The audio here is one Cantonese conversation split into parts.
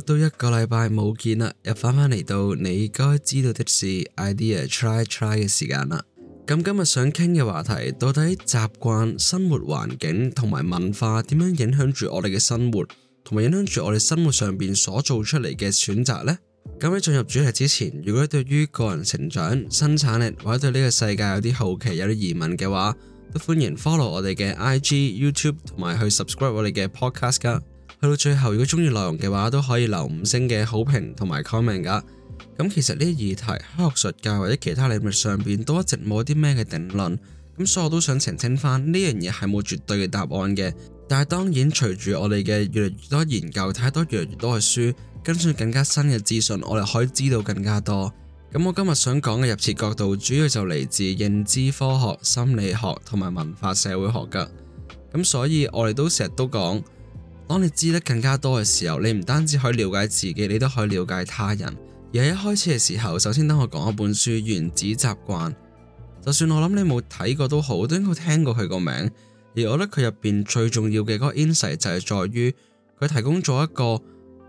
都一個禮拜冇見啦，又返返嚟到你該知道的事 idea try try 嘅時間啦。咁今日想傾嘅話題，到底習慣、生活環境同埋文化點樣影響住我哋嘅生活，同埋影響住我哋生活上邊所做出嚟嘅選擇呢？咁喺進入主題之前，如果你對於個人成長、生產力或者對呢個世界有啲好奇、有啲疑問嘅話，都歡迎 follow 我哋嘅 IG、YouTube 同埋去 subscribe 我哋嘅 podcast 噶。去到最後，如果中意內容嘅話，都可以留五星嘅好評同埋 comment 噶。咁其實呢啲議題，學術界或者其他領域上邊都一直冇啲咩嘅定論。咁所以我都想澄清翻，呢樣嘢係冇絕對嘅答案嘅。但係當然，隨住我哋嘅越嚟越多研究，睇多越嚟越多嘅書，跟進更加新嘅資訊，我哋可以知道更加多。咁我今日想講嘅切入角度，主要就嚟自認知科學、心理學同埋文化社會學噶。咁所以我哋都成日都講。當你知得更加多嘅時候，你唔單止可以了解自己，你都可以了解他人。而喺一開始嘅時候，首先等我講一本書《原子習慣》，就算我諗你冇睇過都好，都應該聽過佢個名。而我覺得佢入邊最重要嘅嗰個 insight 就係在於佢提供咗一個。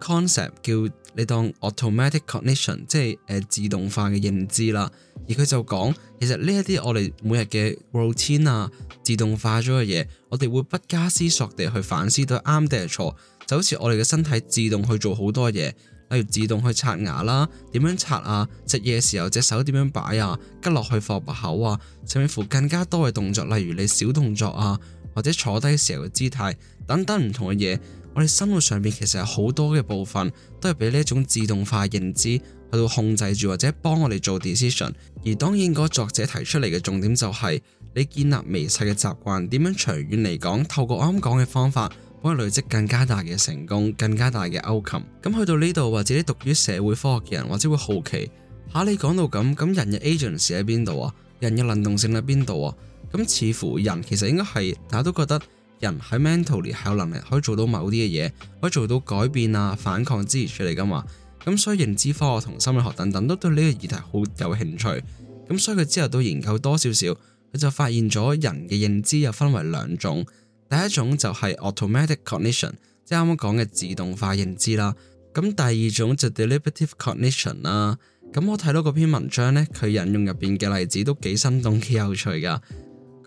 Concept 叫你當 automatic cognition，即係誒自動化嘅認知啦。而佢就講，其實呢一啲我哋每日嘅 routine 啊，自動化咗嘅嘢，我哋會不加思索地去反思對啱定係錯。就好似我哋嘅身體自動去做好多嘢，例如自動去刷牙啦，點樣刷啊？食嘢嘅時候隻手點樣擺啊？吉落去放入口啊？甚至乎更加多嘅動作，例如你小動作啊，或者坐低嘅時候嘅姿態等等唔同嘅嘢。我哋生活上面其實有好多嘅部分，都係俾呢一種自動化認知去到控制住，或者幫我哋做 decision。而當然，嗰、那個、作者提出嚟嘅重點就係、是、你建立微細嘅習慣，點樣長遠嚟講，透過啱講嘅方法，幫你累積更加大嘅成功，更加大嘅 outcome。咁去到呢度，或者你讀於社會科學嘅人，或者會好奇，吓，你講到咁，咁人嘅 agency 喺邊度啊？人嘅能動性喺邊度啊？咁似乎人其實應該係，大家都覺得。人喺 mental 列係有能力可以做到某啲嘅嘢，可以做到改變啊、反抗之類出嚟噶嘛。咁所以認知科學同心理學等等都對呢個議題好有興趣。咁所以佢之後都研究多少少，佢就發現咗人嘅認知又分為兩種。第一種就係 automatic cognition，即係啱啱講嘅自動化認知啦。咁第二種就 deliberative cognition 啦。咁我睇到嗰篇文章呢，佢引用入邊嘅例子都幾生動、幾有趣噶。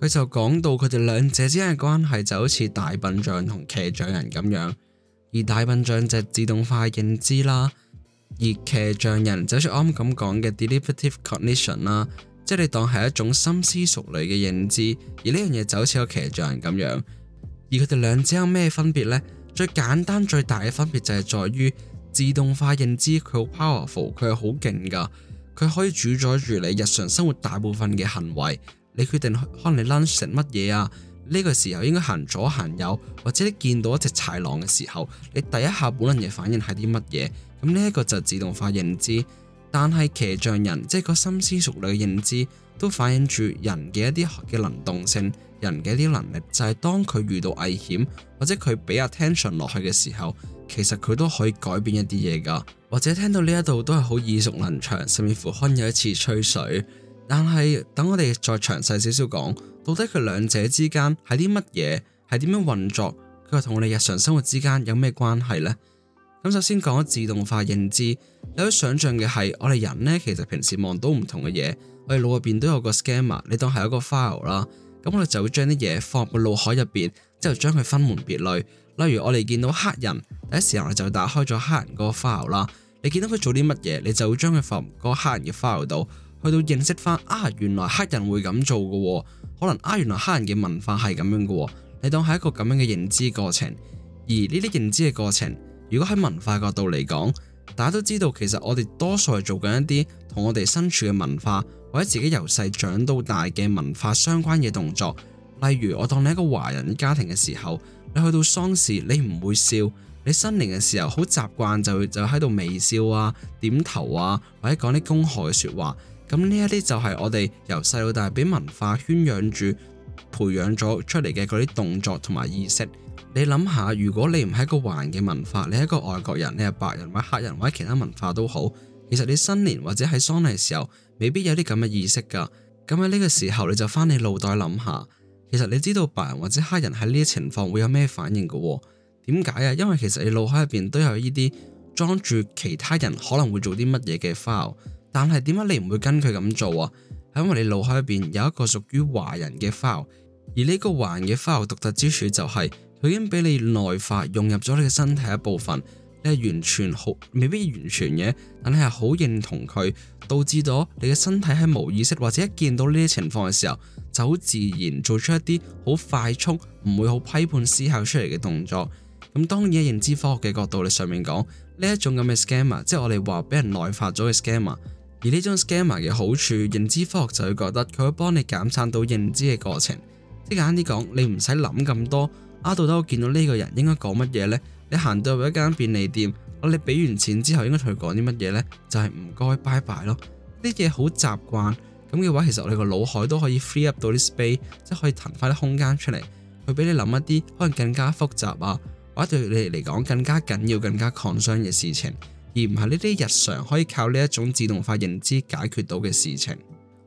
佢就講到佢哋兩者之間嘅關係就好似大笨象同騎象人咁樣，而大笨象就自動化認知啦，而騎象人就似我啱啱咁講嘅 deliberative cognition 啦，即係你當係一種深思熟慮嘅認知，而呢樣嘢就好似個騎象人咁樣。而佢哋兩者有咩分別呢？最簡單、最大嘅分別就係在於自動化認知佢好 powerful，佢係好勁㗎，佢可以主宰住你日常生活大部分嘅行為。你決定可能你 lunch 食乜嘢啊？呢、這個時候應該行左行右，或者你見到一隻豺狼嘅時候，你第一下本能嘅反應係啲乜嘢？咁呢一個就自動化認知，但係騎象人即係個深思熟慮嘅認知，都反映住人嘅一啲嘅能動性，人嘅一啲能力就係、是、當佢遇到危險，或者佢俾 attention 落去嘅時候，其實佢都可以改變一啲嘢噶。或者聽到呢一度都係好耳熟能詳，甚至乎可能有一次吹水。但係等我哋再詳細少少講，到底佢兩者之間係啲乜嘢，係點樣運作？佢又同我哋日常生活之間有咩關係呢？咁首先講咗自動化認知，你可以想象嘅係我哋人呢其實平時望到唔同嘅嘢，我哋腦入邊都有個 schema，你當係一個 file 啦。咁我哋就會將啲嘢放入個腦海入邊，之後將佢分門別類。例如我哋見到黑人，第一時間就打開咗黑人嗰個 file 啦。你見到佢做啲乜嘢，你就會將佢放喺個黑人嘅 file 度。去到認識翻啊，原來黑人會咁做嘅，哦，可能啊，原來黑人嘅文化係咁樣嘅，哦。你當係一個咁樣嘅認知過程，而呢啲認知嘅過程，如果喺文化角度嚟講，大家都知道，其實我哋多數係做緊一啲同我哋身處嘅文化或者自己由細長到大嘅文化相關嘅動作。例如，我當你一個華人家庭嘅時候，你去到喪事你唔會笑，你新年嘅時候好習慣就就喺度微笑啊、點頭啊，或者講啲恭賀嘅説話。咁呢一啲就係我哋由細到大俾文化圈養住、培養咗出嚟嘅嗰啲動作同埋意識。你諗下，如果你唔係一個華人嘅文化，你係一個外國人，你係白人或黑人或者其他文化都好，其實你新年或者喺喪禮時候，未必有啲咁嘅意識㗎。咁喺呢個時候，你就翻你腦袋諗下，其實你知道白人或者黑人喺呢啲情況會有咩反應㗎喎？點解啊？因為其實你腦海入邊都有呢啲裝住其他人可能會做啲乜嘢嘅 file。但係點解你唔會跟佢咁做啊？係因為你腦海入邊有一個屬於華人嘅 file，而呢個華人嘅 file 獨特之處就係佢已經俾你內化，融入咗你嘅身體一部分。你係完全好，未必完全嘅，但你係好認同佢，導致咗你嘅身體喺無意識或者一見到呢啲情況嘅時候，就好自然做出一啲好快速，唔會好批判思考出嚟嘅動作。咁當然喺認知科學嘅角度，你上面講呢一種咁嘅 schema，即係我哋話俾人內化咗嘅 schema。而呢種 schema 嘅好處，認知科學就會覺得佢會幫你減散到認知嘅過程。即係簡單啲講，你唔使諗咁多。啊，到底我見到呢個人應該講乜嘢呢？你行到入一間便利店，我你俾完錢之後應該同佢講啲乜嘢呢？就係唔該，拜拜咯。呢啲嘢好習慣咁嘅話，其實我哋個腦海都可以 free up 到啲 space，即係可以騰翻啲空間出嚟，去俾你諗一啲可能更加複雜啊，或者對你嚟講更加緊要、更加 concern 嘅事情。而唔係呢啲日常可以靠呢一種自動化認知解決到嘅事情，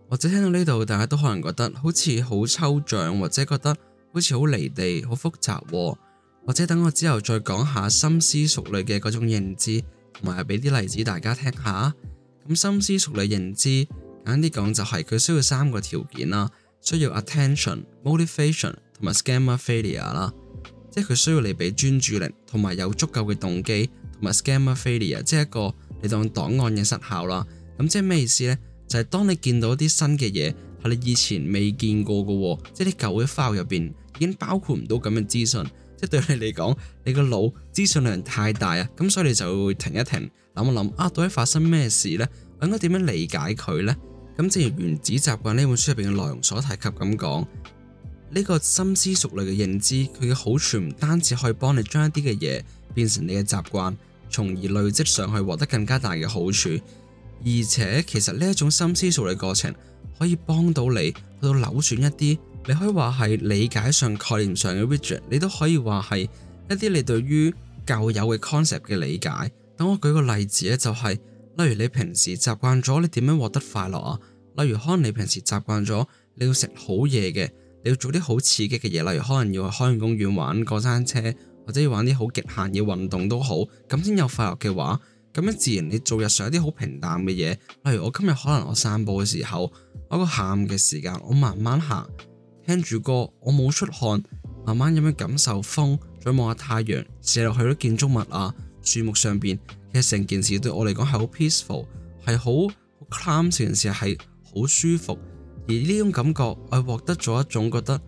或者聽到呢度，大家都可能覺得好似好抽象，或者覺得好似好離地、好複雜，或者等我之後再講下深思熟慮嘅嗰種認知，同埋俾啲例子大家聽下。咁深思熟慮認知，簡單啲講就係佢需要三個條件啦，需要 attention、motivation 同埋 schema failure 啦，即係佢需要你俾專注力同埋有足夠嘅動機。同埋 scammer failure，即係一個你當檔案嘅失效啦。咁即係咩意思呢？就係、是、當你見到啲新嘅嘢，係你以前未見過噶，即係啲舊嘅 file 入邊已經包括唔到咁嘅資訊。即係對你嚟講，你個腦資訊量太大啊，咁所以你就會停一停，諗一諗啊，到底發生咩事呢？我應該點樣理解佢呢？咁正如《原子習慣》呢本書入邊嘅內容所提及咁講。呢個深思熟慮嘅認知，佢嘅好處唔單止可以幫你將一啲嘅嘢變成你嘅習慣，從而累積上去獲得更加大嘅好處。而且，其實呢一種深思熟慮過程可以幫到你去到扭轉一啲，你可以話係理解上、概念上嘅 vision，你都可以話係一啲你對於舊有嘅 concept 嘅理解。等我舉個例子呢，就係、是、例如你平時習慣咗你點樣獲得快樂啊，例如可能你平時習慣咗你要食好嘢嘅。你要做啲好刺激嘅嘢，例如可能要去海洋公園玩過山車，或者要玩啲好極限嘅運動都好，咁先有快樂嘅話，咁樣自然你做日常一啲好平淡嘅嘢，例如我今日可能我散步嘅時候，我一個下午嘅時間，我慢慢行，聽住歌，我冇出汗，慢慢咁樣感受風，再望下太陽射落去啲建築物啊、樹木上邊，其實成件事對我嚟講係好 peaceful，係好 calm，成件事係好舒服。而呢種感覺，我係獲得咗一種覺得，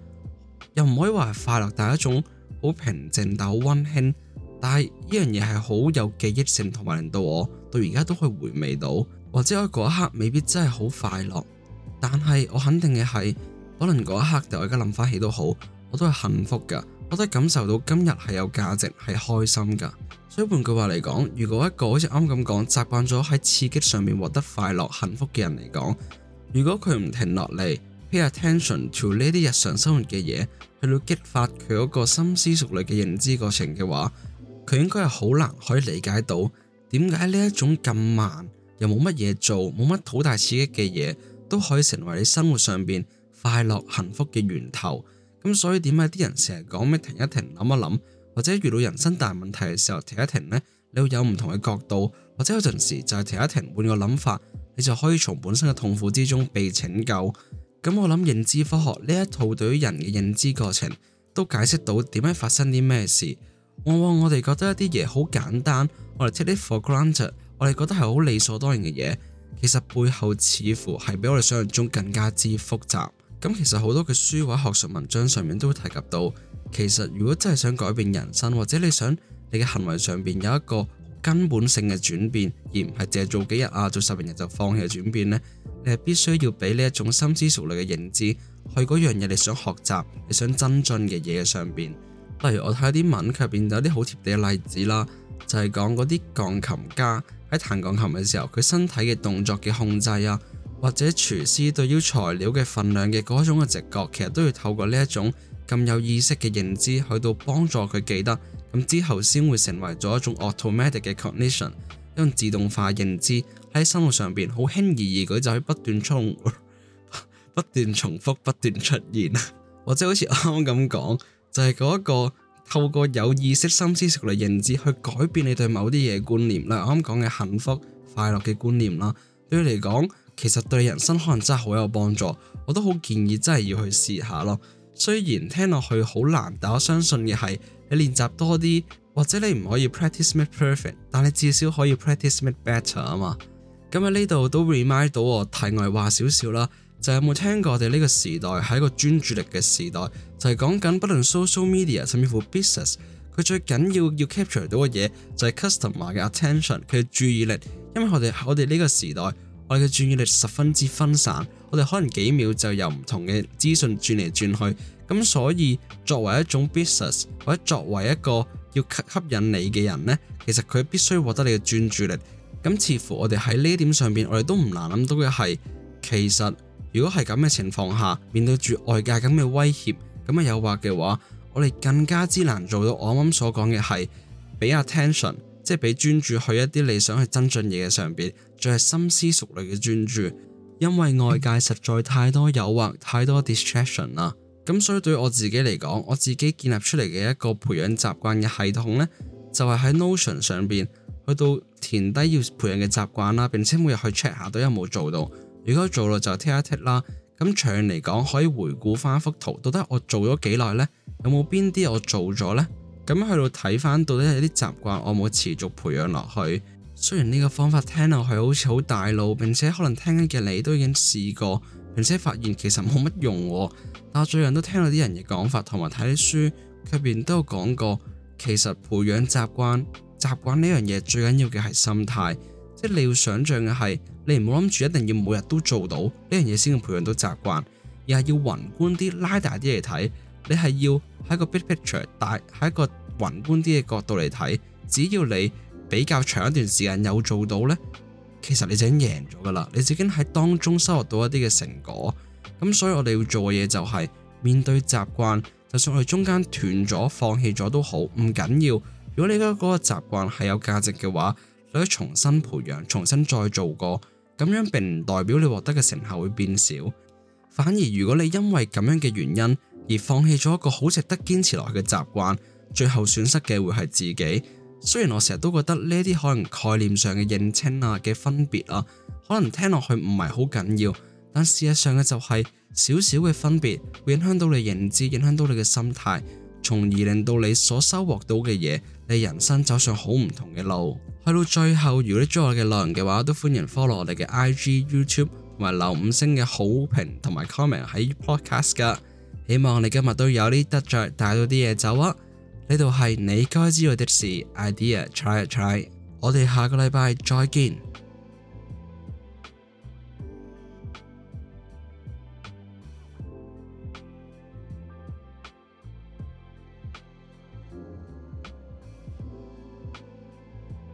又唔可以話係快樂，但係一種好平靜，但係好溫馨。但係呢樣嘢係好有記憶性，同埋令到我到而家都可以回味到。或者我喺嗰一刻未必真係好快樂，但係我肯定嘅係，可能嗰一刻定我而家諗翻起都好，我都係幸福㗎，我都感受到今日係有價值，係開心㗎。所以換句話嚟講，如果一個好似啱啱咁講，習慣咗喺刺激上面獲得快樂、幸福嘅人嚟講，如果佢唔停落嚟，pay attention to 呢啲日常生活嘅嘢，去到激發佢嗰個深思熟慮嘅認知過程嘅話，佢應該係好難可以理解到點解呢一種咁慢又冇乜嘢做，冇乜好大刺激嘅嘢都可以成為你生活上邊快樂幸福嘅源頭。咁所以點解啲人成日講咩停一停諗一諗，或者遇到人生大問題嘅時候停一停咧，你會有唔同嘅角度，或者有陣時就係停一停換個諗法。你就可以從本身嘅痛苦之中被拯救。咁我諗認知科學呢一套對於人嘅認知過程都解釋到點樣發生啲咩事。往往，我哋覺得一啲嘢好簡單，我哋 take it for granted，我哋覺得係好理所當然嘅嘢，其實背後似乎係比我哋想象中更加之複雜。咁其實好多嘅書或者學術文章上面都會提及到，其實如果真係想改變人生，或者你想你嘅行為上邊有一個。根本性嘅轉變，而唔係淨係做幾日啊，做十零日就放棄嘅轉變呢。你係必須要俾呢一種深思熟慮嘅認知去嗰樣嘢，你想學習、你想增進嘅嘢上邊。例如我睇啲文，佢入邊有啲好貼地嘅例子啦，就係講嗰啲鋼琴家喺彈鋼琴嘅時候，佢身體嘅動作嘅控制啊，或者廚師對於材料嘅份量嘅嗰種嘅直覺，其實都要透過呢一種咁有意識嘅認知去到幫助佢記得。咁之後先會成為咗一種 automatic 嘅 cognition，因為自動化認知喺生活上邊，好輕而易舉就去不斷衝、 不斷重複、不斷出現或者 好似啱啱咁講，就係嗰一個透過有意識、深思熟慮認知去改變你對某啲嘢觀念，例如啱啱講嘅幸福、快樂嘅觀念啦。對你嚟講，其實對人生可能真係好有幫助。我都好建議真係要去試下咯。雖然聽落去好難，但我相信嘅係。你練習多啲，或者你唔可以 practice make perfect，但你至少可以 practice make better 啊嘛。咁喺呢度都 remind 到我題外話少少啦，就係有冇聽過？我哋呢個時代係一個專注力嘅時代，就係講緊，不論 social media 甚至乎 business，佢最緊要要 capture 到嘅嘢就係 customer 嘅 attention，佢嘅注意力，因為我哋我哋呢個時代，我哋嘅注意力十分之分散。我哋可能幾秒就由唔同嘅資訊轉嚟轉去，咁所以作為一種 business 或者作為一個要吸引你嘅人呢，其實佢必須獲得你嘅專注力。咁似乎我哋喺呢一點上邊，我哋都唔難諗到嘅係，其實如果係咁嘅情況下，面對住外界咁嘅威脅、咁嘅誘惑嘅話，我哋更加之難做到我啱啱所講嘅係，俾 attention，即係俾專注去一啲你想去增進嘢嘅上邊，再係深思熟慮嘅專注。因為外界實在太多誘惑，太多 distraction 啦，咁所以對我自己嚟講，我自己建立出嚟嘅一個培養習慣嘅系統呢，就係喺 Notion 上邊去到填低要培養嘅習慣啦，並且每日去 check 下都有冇做到。如果做咯，就 tick 一 tick 啦。咁長遠嚟講，可以回顧翻幅圖，到底我做咗幾耐呢？有冇邊啲我做咗呢？咁去到睇翻，到底係啲習慣我冇持續培養落去。雖然呢個方法聽落去好似好大路，並且可能聽緊嘅你都已經試過，並且發現其實冇乜用。但係最近都聽到啲人嘅講法，同埋睇啲書，入邊都有講過，其實培養習慣、習慣呢樣嘢最緊要嘅係心態，即係你要想象嘅係，你唔好諗住一定要每日都做到呢樣嘢先至培養到習慣，而係要宏觀啲、拉大啲嚟睇，你係要喺個 big picture 大，喺一個宏觀啲嘅角度嚟睇，只要你比較長一段時間有做到呢，其實你已經贏咗噶啦，你已經喺當中收穫到一啲嘅成果。咁所以我哋要做嘅嘢就係面對習慣，就算我哋中間斷咗、放棄咗都好，唔緊要。如果你覺得嗰個習慣係有價值嘅話，你可以重新培養、重新再做過。咁樣並唔代表你獲得嘅成效會變少，反而如果你因為咁樣嘅原因而放棄咗一個好值得堅持落去嘅習慣，最後損失嘅會係自己。雖然我成日都覺得呢啲可能概念上嘅認清啊嘅分別啊，可能聽落去唔係好緊要，但事實上嘅就係少少嘅分別會影響到你認知，影響到你嘅心態，從而令到你所收穫到嘅嘢，你人生走上好唔同嘅路。去到最後，如果你中意我嘅內容嘅話，都歡迎 follow 我哋嘅 IG、YouTube 同埋留五星嘅好評同埋 comment 喺 podcast 噶。希望你今日都有啲得着，帶到啲嘢走啊！呢度係你該知道的事，idea try 一 try，我哋下個禮拜再見。